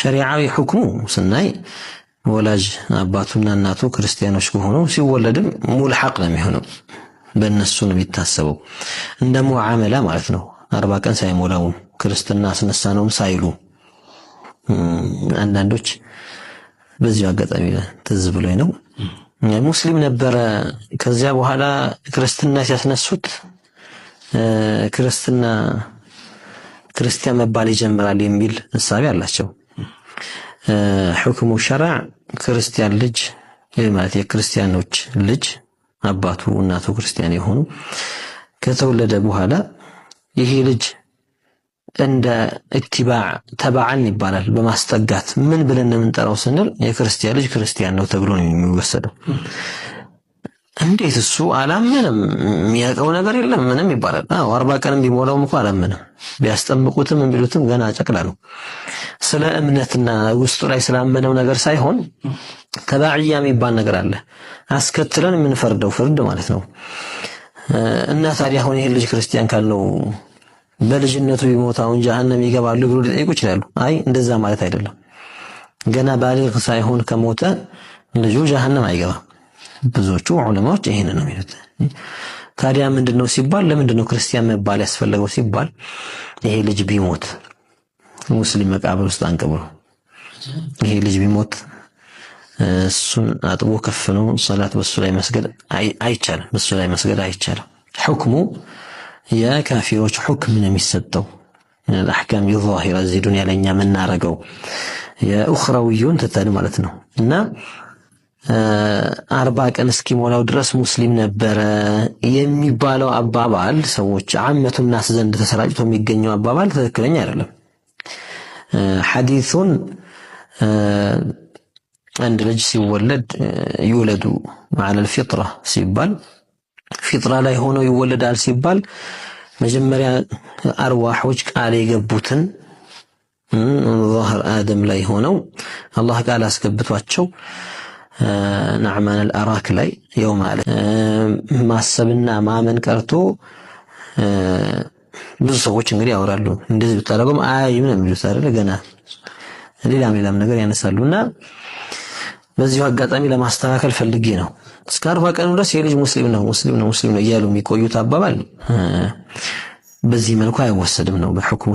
ሸሪዓዊ ሕክሙ ስናይ ወላጅ አባቱና እናቱ ክርስቲያኖች ከሆኑ ሲወለድም ሙልሐቅ ነው የሚሆነው። በእነሱ ነው የሚታሰበው። እንደ ሙዓመላ ማለት ነው። አርባ ቀን ሳይሞላውም ክርስትና አስነሳ ነውም ሳይሉ አንዳንዶች በዚሁ አጋጣሚ ትዝ ብሎኝ ነው ሙስሊም ነበረ። ከዚያ በኋላ ክርስትና ሲያስነሱት ክርስትና ክርስቲያን መባል ይጀምራል የሚል እሳቤ አላቸው። ሕክሙ ሸራዕ ክርስቲያን ልጅ ማለት የክርስቲያኖች ልጅ አባቱ እናቱ ክርስቲያን የሆኑ ከተወለደ በኋላ ይሄ ልጅ እንደ እትባዕ ተባዓን ይባላል። በማስጠጋት ምን ብለን እንደምንጠራው ስንል የክርስቲያን ልጅ ክርስቲያን ነው ተብሎ ነው የሚወሰደው። እንዴት እሱ አላመንም፣ የሚያውቀው ነገር የለም ምንም ይባላል። አዎ አርባ ቀንም ቢሞላውም እኮ አላመንም። ቢያስጠምቁትም ቢሉትም ገና ጨቅላ ነው። ስለ እምነትና ውስጡ ላይ ስላመነው ነገር ሳይሆን ተባዕያ የሚባል ነገር አለ። አስከትለን የምንፈርደው ፍርድ ማለት ነው። እና ታዲያ አሁን ይሄ ልጅ ክርስቲያን ካለው በልጅነቱ ቢሞት አሁን ጀሀነም ይገባሉ ብሎ ሊጠይቁ ይችላሉ። አይ እንደዛ ማለት አይደለም። ገና ባሊግ ሳይሆን ከሞተ ልጁ ጀሀነም አይገባም። ብዙዎቹ ዑለማዎች ይሄን ነው የሚሉት። ታዲያ ምንድነው ሲባል ለምንድነው ክርስቲያን መባል ያስፈለገው ሲባል ይሄ ልጅ ቢሞት ሙስሊም መቃብር ውስጥ አንቅብሮ ይሄ ልጅ ቢሞት እሱን አጥቦ ከፍኖ ሰላት በሱ ላይ መስገድ አይቻልም። በሱ ላይ መስገድ አይቻልም። ሑክሙ የካፊሮች ሑክም ነው የሚሰጠው። ሚነል አሕካም የዛሂራ እዚህ ዱንያ ላይ የምናረገው የኡኽራዊውን ትተን ማለት ነው። እና አርባ ቀን እስኪሞላው ድረስ ሙስሊም ነበረ የሚባለው አባባል ሰዎች አመቱ ናስ ዘንድ ተሰራጭቶ የሚገኘው አባባል ትክክለኛ አይደለም። ሐዲሱን አንድ ልጅ ሲወለድ ይውለዱ አለል ፊጥራ ሲባል ፊጥራ ላይ ሆኖ ይወለዳል ሲባል መጀመሪያ አርዋሖች ቃል የገቡትን ዛህር አደም ላይ ሆነው አላህ ቃል አስገብቷቸው ነዕማን አልአራክ ላይ የው ማለት ማሰብና ማመን ቀርቶ ብዙ ሰዎች እንግዲህ ያወራሉ። እንደዚህ ብታደርገውም አያይም ነው የሚሉት አይደለ? ገና ሌላም ሌላም ነገር ያነሳሉ እና በዚሁ አጋጣሚ ለማስተካከል ፈልጌ ነው። እስከ አርባ ቀኑ ድረስ የልጅ ሙስሊም ነው ሙስሊም ነው ሙስሊም ነው እያሉ የሚቆዩት አባባል በዚህ መልኩ አይወሰድም ነው በሕኩም